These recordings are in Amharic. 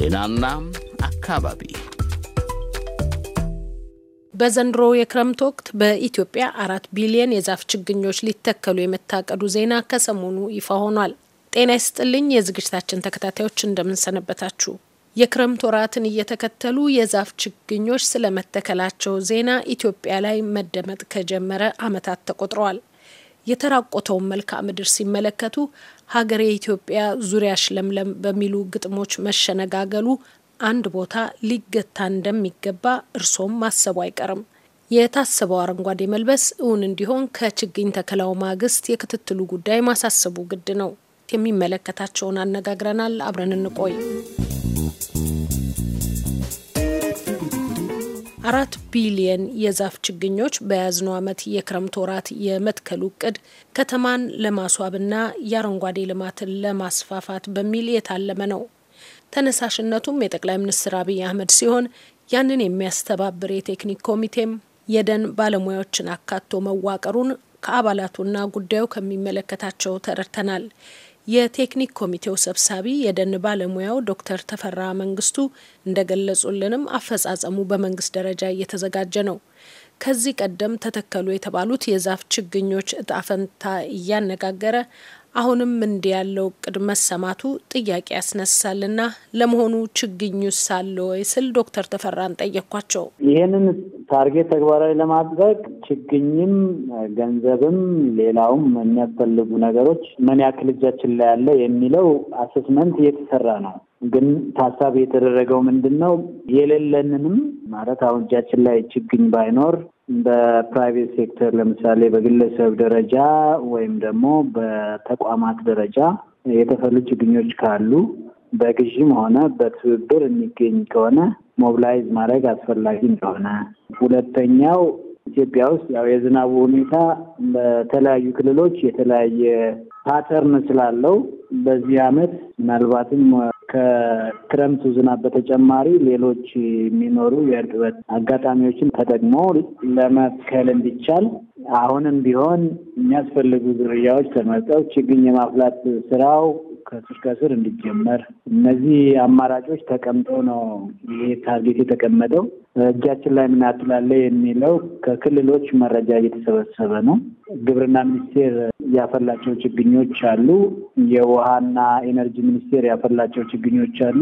ጤናና አካባቢ በዘንድሮ የክረምት ወቅት በኢትዮጵያ አራት ቢሊየን የዛፍ ችግኞች ሊተከሉ የመታቀዱ ዜና ከሰሞኑ ይፋ ሆኗል። ጤና ይስጥልኝ የዝግጅታችን ተከታታዮች እንደምንሰነበታችሁ። የክረምት ወራትን እየተከተሉ የዛፍ ችግኞች ስለመተከላቸው ዜና ኢትዮጵያ ላይ መደመጥ ከጀመረ ዓመታት ተቆጥረዋል። የተራቆተውን መልክዓ ምድር ሲመለከቱ ሀገር የኢትዮጵያ ዙሪያሽ ለምለም በሚሉ ግጥሞች መሸነጋገሉ አንድ ቦታ ሊገታ እንደሚገባ እርሶም ማሰቡ አይቀርም። የታሰበው አረንጓዴ መልበስ እውን እንዲሆን ከችግኝ ተከላው ማግስት የክትትሉ ጉዳይ ማሳሰቡ ግድ ነው። የሚመለከታቸውን አነጋግረናል። አብረን እንቆይ። አራት ቢሊየን የዛፍ ችግኞች በያዝነው ዓመት የክረምት ወራት የመትከሉ እቅድ ከተማን ለማስዋብና የአረንጓዴ ልማትን ለማስፋፋት በሚል የታለመ ነው። ተነሳሽነቱም የጠቅላይ ሚኒስትር አብይ አህመድ ሲሆን ያንን የሚያስተባብር የቴክኒክ ኮሚቴም የደን ባለሙያዎችን አካቶ መዋቀሩን ከአባላቱና ጉዳዩ ከሚመለከታቸው ተረድተናል። የቴክኒክ ኮሚቴው ሰብሳቢ የደን ባለሙያው ዶክተር ተፈራ መንግስቱ እንደገለጹልንም አፈጻጸሙ በመንግስት ደረጃ እየተዘጋጀ ነው። ከዚህ ቀደም ተተከሉ የተባሉት የዛፍ ችግኞች እጣፈንታ እያነጋገረ አሁንም እንዲህ ያለው እቅድ መሰማቱ ጥያቄ ያስነሳልና ለመሆኑ ችግኙስ አለ ወይ ስል ዶክተር ተፈራን ጠየኳቸው። ይህንን ታርጌት ተግባራዊ ለማድረግ ችግኝም፣ ገንዘብም፣ ሌላውም የሚያስፈልጉ ነገሮች ምን ያክል እጃችን ላይ ያለ የሚለው አሴስመንት እየተሰራ ነው። ግን ታሳቢ የተደረገው ምንድን ነው? የሌለንንም ማለት አሁን እጃችን ላይ ችግኝ ባይኖር በፕራይቬት ሴክተር ለምሳሌ በግለሰብ ደረጃ ወይም ደግሞ በተቋማት ደረጃ የተፈሉ ችግኞች ካሉ በግዥም ሆነ በትብብር የሚገኝ ከሆነ ሞብላይዝ ማድረግ አስፈላጊ እንደሆነ፣ ሁለተኛው ኢትዮጵያ ውስጥ ያው የዝናቡ ሁኔታ በተለያዩ ክልሎች የተለያየ ፓተርን ስላለው በዚህ ዓመት ምናልባትም ከክረምቱ ዝናብ በተጨማሪ ሌሎች የሚኖሩ የእርጥበት አጋጣሚዎችን ተጠቅሞ ለመትከል እንዲቻል አሁንም ቢሆን የሚያስፈልጉ ዝርያዎች ተመርጠው ችግኝ የማፍላት ስራው ከስር ስር እንዲጀመር እነዚህ አማራጮች ተቀምጠው ነው ይሄ ታርጌት የተቀመጠው። እጃችን ላይ ምን አትላለ የሚለው ከክልሎች መረጃ እየተሰበሰበ ነው። ግብርና ሚኒስቴር ያፈላቸው ችግኞች አሉ። የውሃና ኤነርጂ ሚኒስቴር ያፈላቸው ችግኞች አሉ።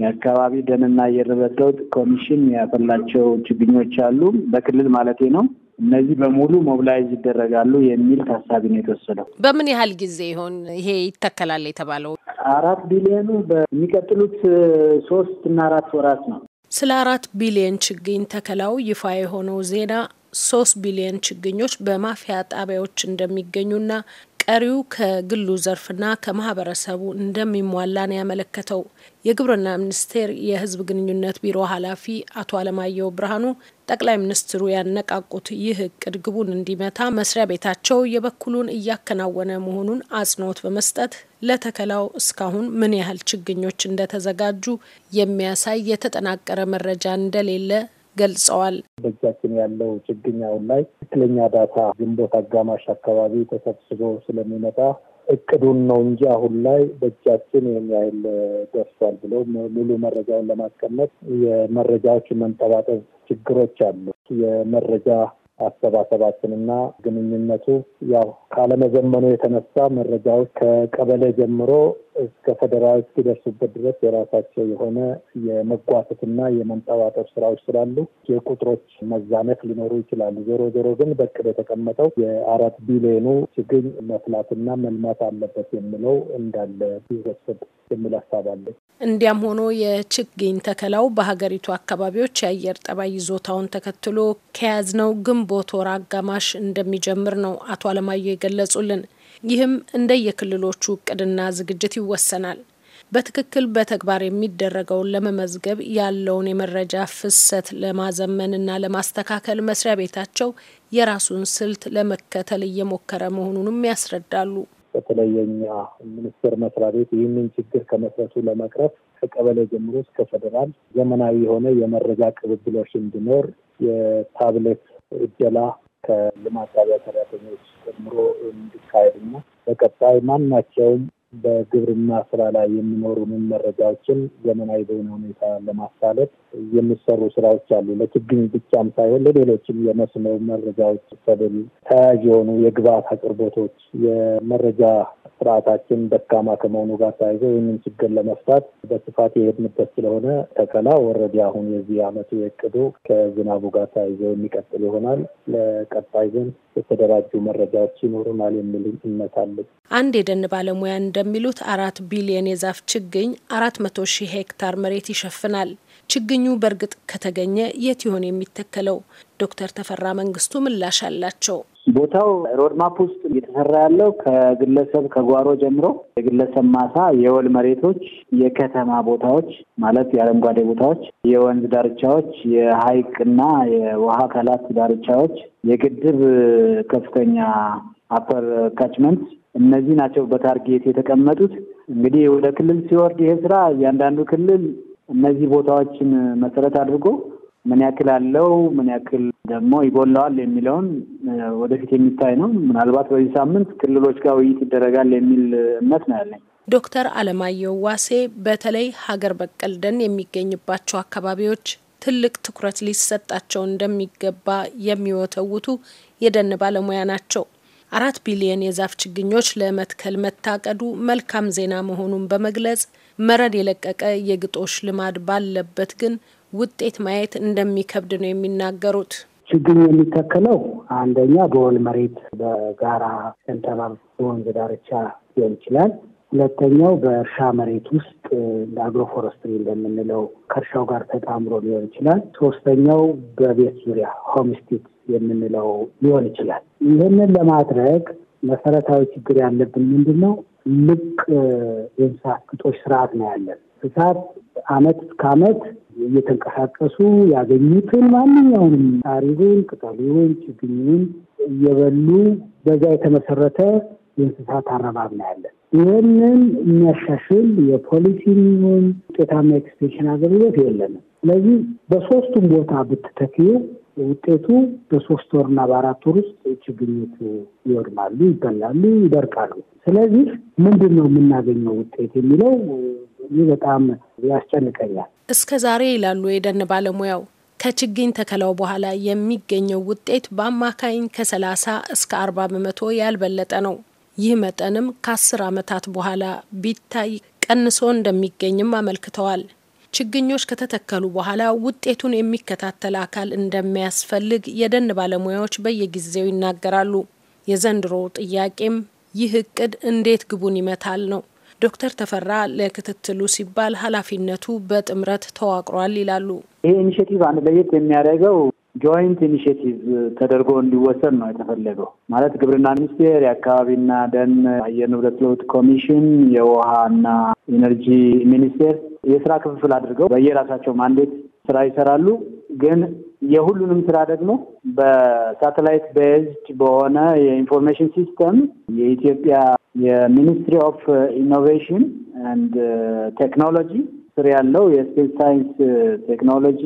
የአካባቢ ደንና አየር ንብረት ለውጥ ኮሚሽን ያፈላቸው ችግኞች አሉ። በክልል ማለቴ ነው። እነዚህ በሙሉ ሞብላይዝ ይደረጋሉ የሚል ታሳቢ ነው የተወሰደው። በምን ያህል ጊዜ ይሆን ይሄ ይተከላል የተባለው? አራት ቢሊዮኑ በሚቀጥሉት ሶስት እና አራት ወራት ነው። ስለ አራት ቢሊዮን ችግኝ ተከላው ይፋ የሆነው ዜና ሶስት ቢሊዮን ችግኞች በማፍያ ጣቢያዎች እንደሚገኙና ቀሪው ከግሉ ዘርፍና ከማህበረሰቡ እንደሚሟላ ነው ያመለከተው። የግብርና ሚኒስቴር የህዝብ ግንኙነት ቢሮ ኃላፊ አቶ አለማየሁ ብርሃኑ ጠቅላይ ሚኒስትሩ ያነቃቁት ይህ እቅድ ግቡን እንዲመታ መስሪያ ቤታቸው የበኩሉን እያከናወነ መሆኑን አጽንኦት በመስጠት ለተከላው እስካሁን ምን ያህል ችግኞች እንደተዘጋጁ የሚያሳይ የተጠናቀረ መረጃ እንደሌለ ገልጸዋል። በእጃችን ያለው ችግኝ አሁን ላይ ትክክለኛ ዳታ ግንቦት አጋማሽ አካባቢ ተሰብስቦ ስለሚመጣ እቅዱን ነው እንጂ አሁን ላይ በእጃችን ይህን ያህል ደርሷል ብሎ ሙሉ መረጃውን ለማስቀመጥ የመረጃዎች መንጠባጠብ ችግሮች አሉ። የመረጃ አሰባሰባችንና ግንኙነቱ ያው ካለመዘመኑ የተነሳ መረጃዎች ከቀበሌ ጀምሮ እስከ ፌዴራል እስኪደርሱበት ድረስ የራሳቸው የሆነ የመጓተትና የመንጠባጠብ ስራዎች ስላሉ የቁጥሮች መዛነት ሊኖሩ ይችላሉ። ዞሮ ዞሮ ግን በቅድ የተቀመጠው የአራት ቢሊዮኑ ችግኝ መፍላትና መልማት አለበት የሚለው እንዳለ ይወሰድ የሚል ሀሳብ አለ። እንዲያም ሆኖ የችግኝ ተከላው በሀገሪቱ አካባቢዎች የአየር ጠባይ ይዞታውን ተከትሎ ከያዝነው ግንቦት ወር አጋማሽ እንደሚጀምር ነው አቶ አለማየሁ የገለጹልን። ይህም እንደየክልሎቹ እቅድና ዝግጅት ይወሰናል። በትክክል በተግባር የሚደረገውን ለመመዝገብ ያለውን የመረጃ ፍሰት ለማዘመንና ለማስተካከል መስሪያ ቤታቸው የራሱን ስልት ለመከተል እየሞከረ መሆኑንም ያስረዳሉ። በተለየኛ ሚኒስቴር መስሪያ ቤት ይህንን ችግር ከመስረቱ ለመቅረፍ ከቀበሌ ጀምሮ እስከ ፌደራል ዘመናዊ የሆነ የመረጃ ቅብብሎች እንዲኖር የታብሌት እጀላ ከልማት ጣቢያ ሰራተኞች ጀምሮ አካሄድና በቀጣይ ማናቸውም በግብርና ስራ ላይ የሚኖሩንን መረጃዎችን ዘመናዊ በሆነ ሁኔታ ለማሳለጥ የሚሰሩ ስራዎች አሉ። ለችግኝ ብቻም ሳይሆን ለሌሎችም የመስኖ መረጃዎች፣ ሰብል ተያያዥ የሆኑ የግብአት አቅርቦቶች፣ የመረጃ ስርዓታችን ደካማ ከመሆኑ ጋር ተያይዞ ይህንን ችግር ለመፍታት በስፋት የሄድንበት ስለሆነ ተከላ ወረዲ አሁን የዚህ አመቱ የቅዱ ከዝናቡ ጋር ተያይዞ የሚቀጥል ይሆናል። ለቀጣይ ግን የተደራጁ መረጃዎች ይኖሩናል የሚል እምነት አንድ የደን ባለሙያ እንደሚሉት አራት ቢሊየን የዛፍ ችግኝ አራት መቶ ሺህ ሄክታር መሬት ይሸፍናል። ችግኙ በእርግጥ ከተገኘ የት ይሆን የሚተከለው? ዶክተር ተፈራ መንግስቱ ምላሽ አላቸው። ቦታው ሮድማፕ ውስጥ እየተሰራ ያለው ከግለሰብ ከጓሮ ጀምሮ የግለሰብ ማሳ፣ የወል መሬቶች፣ የከተማ ቦታዎች ማለት የአረንጓዴ ቦታዎች፣ የወንዝ ዳርቻዎች፣ የሀይቅና የውሃ አካላት ዳርቻዎች፣ የግድብ ከፍተኛ አፐር ካችመንት እነዚህ ናቸው በታርጌት የተቀመጡት። እንግዲህ ወደ ክልል ሲወርድ ይሄ ስራ እያንዳንዱ ክልል እነዚህ ቦታዎችን መሰረት አድርጎ ምን ያክል አለው ምን ያክል ደግሞ ይጎላዋል የሚለውን ወደፊት የሚታይ ነው። ምናልባት በዚህ ሳምንት ክልሎች ጋር ውይይት ይደረጋል የሚል እምነት ነው ያለኝ። ዶክተር አለማየሁ ዋሴ በተለይ ሀገር በቀል ደን የሚገኝባቸው አካባቢዎች ትልቅ ትኩረት ሊሰጣቸው እንደሚገባ የሚወተውቱ የደን ባለሙያ ናቸው። አራት ቢሊየን የዛፍ ችግኞች ለመትከል መታቀዱ መልካም ዜና መሆኑን በመግለጽ መረድ የለቀቀ የግጦሽ ልማድ ባለበት ግን ውጤት ማየት እንደሚከብድ ነው የሚናገሩት። ችግኝ የሚተከለው አንደኛ በወል መሬት በጋራ ሰንተባብ በወንዝ ዳርቻ ሊሆን ይችላል። ሁለተኛው በእርሻ መሬት ውስጥ እንደ አግሮፎረስትሪ እንደምንለው ከእርሻው ጋር ተጣምሮ ሊሆን ይችላል። ሶስተኛው በቤት ዙሪያ ሆምስቲት የምንለው ሊሆን ይችላል። ይህንን ለማድረግ መሰረታዊ ችግር ያለብን ምንድን ነው? ልቅ የእንስሳት ግጦሽ ስርዓት ነው ያለን። እንስሳት አመት እስከ አመት እየተንቀሳቀሱ ያገኙትን ማንኛውንም ታሪውን፣ ቅጠሉን፣ ችግኙን እየበሉ በዛ የተመሰረተ የእንስሳት አረባብ ነው ያለን። ይህንን የሚያሻሽል የፖሊሲ ሚሆን ውጤታማ ኤክስቴንሽን አገልግሎት የለንም። ስለዚህ በሶስቱም ቦታ ብትተክዩ ውጤቱ በሶስት ወርና በአራት ወር ውስጥ ችግኞቹ ይወድማሉ፣ ይበላሉ፣ ይደርቃሉ። ስለዚህ ምንድን ነው የምናገኘው ውጤት የሚለው ይህ በጣም ያስጨንቀኛል። እስከ ዛሬ ይላሉ የደን ባለሙያው ከችግኝ ተከላው በኋላ የሚገኘው ውጤት በአማካኝ ከ30 እስከ አርባ በመቶ ያልበለጠ ነው። ይህ መጠንም ከአስር 10 ዓመታት በኋላ ቢታይ ቀንሶ እንደሚገኝም አመልክተዋል። ችግኞች ከተተከሉ በኋላ ውጤቱን የሚከታተል አካል እንደሚያስፈልግ የደን ባለሙያዎች በየጊዜው ይናገራሉ። የዘንድሮ ጥያቄም ይህ እቅድ እንዴት ግቡን ይመታል ነው። ዶክተር ተፈራ ለክትትሉ ሲባል ኃላፊነቱ በጥምረት ተዋቅሯል ይላሉ። ይሄ ኢኒሽቲቭ አንድ ለየት የሚያደርገው ጆይንት ኢኒሽቲቭ uh, ተደርጎ እንዲወሰድ ነው የተፈለገው። ማለት ግብርና ሚኒስቴር፣ የአካባቢና ደን አየር ንብረት ለውጥ ኮሚሽን፣ የውሃና ኢነርጂ ሚኒስቴር የስራ ክፍፍል አድርገው በየራሳቸው ማንዴት ስራ ይሰራሉ። ግን የሁሉንም ስራ ደግሞ በሳተላይት ቤዝድ በሆነ የኢንፎርሜሽን ሲስተም የኢትዮጵያ የሚኒስትሪ ኦፍ ኢኖቬሽን ቴክኖሎጂ ስር ያለው የስፔስ ሳይንስ ቴክኖሎጂ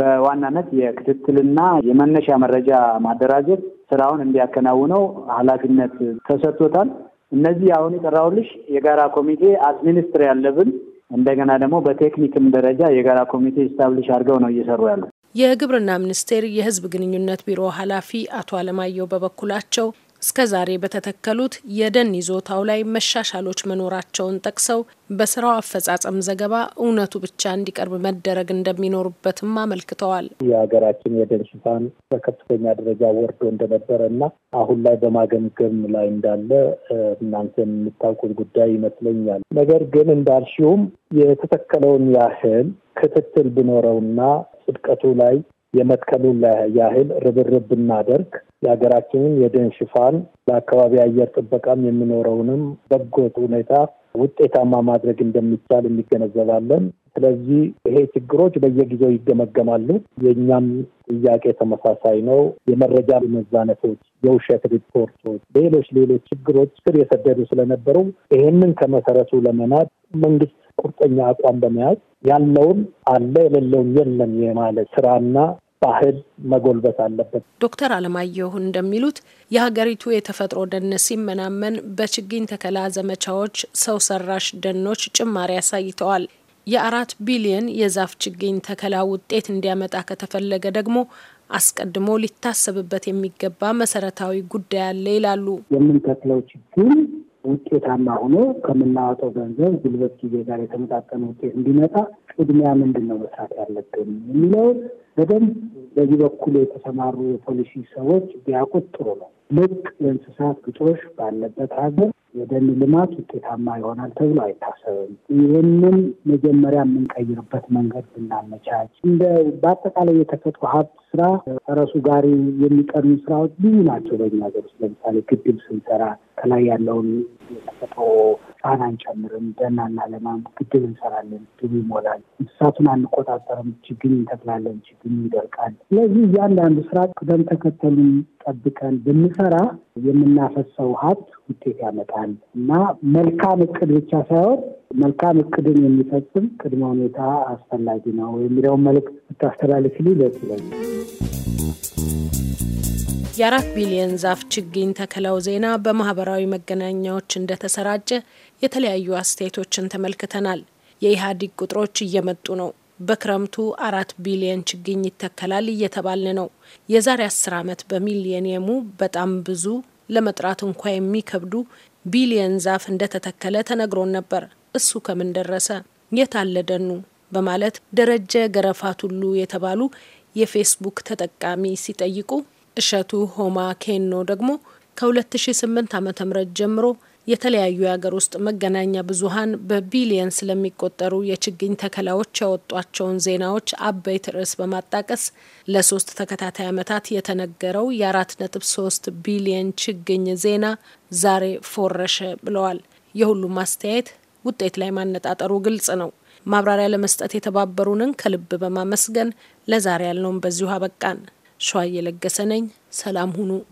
በዋናነት የክትትልና የመነሻ መረጃ ማደራጀት ስራውን እንዲያከናውነው ኃላፊነት ተሰጥቶታል። እነዚህ አሁን የጠራሁልሽ የጋራ ኮሚቴ አድሚኒስትር ያለብን እንደገና ደግሞ በቴክኒክም ደረጃ የጋራ ኮሚቴ ስታብሊሽ አድርገው ነው እየሰሩ ያሉ። የግብርና ሚኒስቴር የህዝብ ግንኙነት ቢሮ ኃላፊ አቶ አለማየሁ በበኩላቸው እስከ ዛሬ በተተከሉት የደን ይዞታው ላይ መሻሻሎች መኖራቸውን ጠቅሰው በስራው አፈጻጸም ዘገባ እውነቱ ብቻ እንዲቀርብ መደረግ እንደሚኖሩበትም አመልክተዋል። የሀገራችን የደን ሽፋን በከፍተኛ ደረጃ ወርዶ እንደነበረ እና አሁን ላይ በማገምገም ላይ እንዳለ እናንተ የምታውቁት ጉዳይ ይመስለኛል። ነገር ግን እንዳልሽውም የተተከለውን ያህል ክትትል ቢኖረውና ጽድቀቱ ላይ የመትከሉን ያህል ርብርብ ብናደርግ የሀገራችንን የደን ሽፋን ለአካባቢ አየር ጥበቃም የሚኖረውንም በጎ ሁኔታ ውጤታማ ማድረግ እንደሚቻል እንገነዘባለን። ስለዚህ ይሄ ችግሮች በየጊዜው ይገመገማሉ። የእኛም ጥያቄ ተመሳሳይ ነው። የመረጃ መዛነቶች፣ የውሸት ሪፖርቶች፣ ሌሎች ሌሎች ችግሮች ስር የሰደዱ ስለነበሩ ይሄንን ከመሰረቱ ለመናድ መንግስት ቁርጠኛ አቋም በመያዝ ያለውን አለ የሌለውን የለም የማለት ስራና ባህል መጎልበት አለበት። ዶክተር አለማየሁ እንደሚሉት የሀገሪቱ የተፈጥሮ ደን ሲመናመን በችግኝ ተከላ ዘመቻዎች ሰው ሰራሽ ደኖች ጭማሪ አሳይተዋል። የአራት ቢሊየን የዛፍ ችግኝ ተከላ ውጤት እንዲያመጣ ከተፈለገ ደግሞ አስቀድሞ ሊታሰብበት የሚገባ መሰረታዊ ጉዳይ አለ ይላሉ። የምንተክለው ችግኝ ውጤታማ ሆኖ ከምናወጣው ገንዘብ፣ ጉልበት፣ ጊዜ ጋር የተመጣጠነ ውጤት እንዲመጣ ቅድሚያ ምንድን ነው መስራት ያለብን የሚለውን በደንብ በዚህ በኩል የተሰማሩ የፖሊሲ ሰዎች ቢያውቁት ጥሩ ነው። ልቅ የእንስሳት ግጦሽ ባለበት ሀገር የደን ልማት ውጤታማ ይሆናል ተብሎ አይታሰብም። ይህንን መጀመሪያ የምንቀይርበት መንገድ ብናመቻች እንደ በአጠቃላይ የተፈጥሮ ሀብት ስራ ፈረሱ ጋሪ የሚቀርኑ ስራዎች ብዙ ናቸው በኛ ሀገር ውስጥ። ለምሳሌ ግድብ ስንሰራ ከላይ ያለውን የተፈጥሮ ጫና አንጨምርም፣ ደን አናለማም፣ ግድብ እንሰራለን፣ ግድብ ይሞላል። እንስሳቱን አንቆጣጠርም፣ ችግኝ እንተክላለን፣ ችግኝ ይደርቃል። ስለዚህ እያንዳንዱ ስራ ቅደም ተከተሉን ጠብቀን ብንሰራ የምናፈሰው ሀብት ውጤት ያመጣል እና መልካም እቅድ ብቻ ሳይሆን መልካም እቅድን የሚፈጽም ቅድመ ሁኔታ አስፈላጊ ነው የሚለውን መልእክት ብታስተላልፍልኝ ደስ ይለኛል። የአራት ቢሊዮን ዛፍ ችግኝ ተከላው ዜና በማህበራዊ መገናኛዎች እንደተሰራጨ የተለያዩ አስተያየቶችን ተመልክተናል። የኢህአዴግ ቁጥሮች እየመጡ ነው። በክረምቱ አራት ቢሊዮን ችግኝ ይተከላል እየተባልን ነው። የዛሬ አስር ዓመት በሚሊየኒየሙ በጣም ብዙ ለመጥራት እንኳ የሚከብዱ ቢሊየን ዛፍ እንደተተከለ ተነግሮን ነበር። እሱ ከምን ደረሰ? የት አለ ደኑ? በማለት ደረጀ ገረፋት ሁሉ የተባሉ የፌስቡክ ተጠቃሚ ሲጠይቁ እሸቱ ሆማ ኬኖ ደግሞ ከ2008 ዓ.ም ጀምሮ የተለያዩ የሀገር ውስጥ መገናኛ ብዙሀን በቢሊየን ስለሚቆጠሩ የችግኝ ተከላዎች ያወጧቸውን ዜናዎች አበይት ርዕስ በማጣቀስ ለሶስት ተከታታይ ዓመታት የተነገረው የአራት ነጥብ ሶስት ቢሊየን ችግኝ ዜና ዛሬ ፎረሸ ብለዋል። የሁሉም አስተያየት ውጤት ላይ ማነጣጠሩ ግልጽ ነው። ማብራሪያ ለመስጠት የተባበሩንን ከልብ በማመስገን ለዛሬ ያልነውም በዚሁ አበቃን። ሸዋ እየለገሰ ነኝ። ሰላም ሁኑ።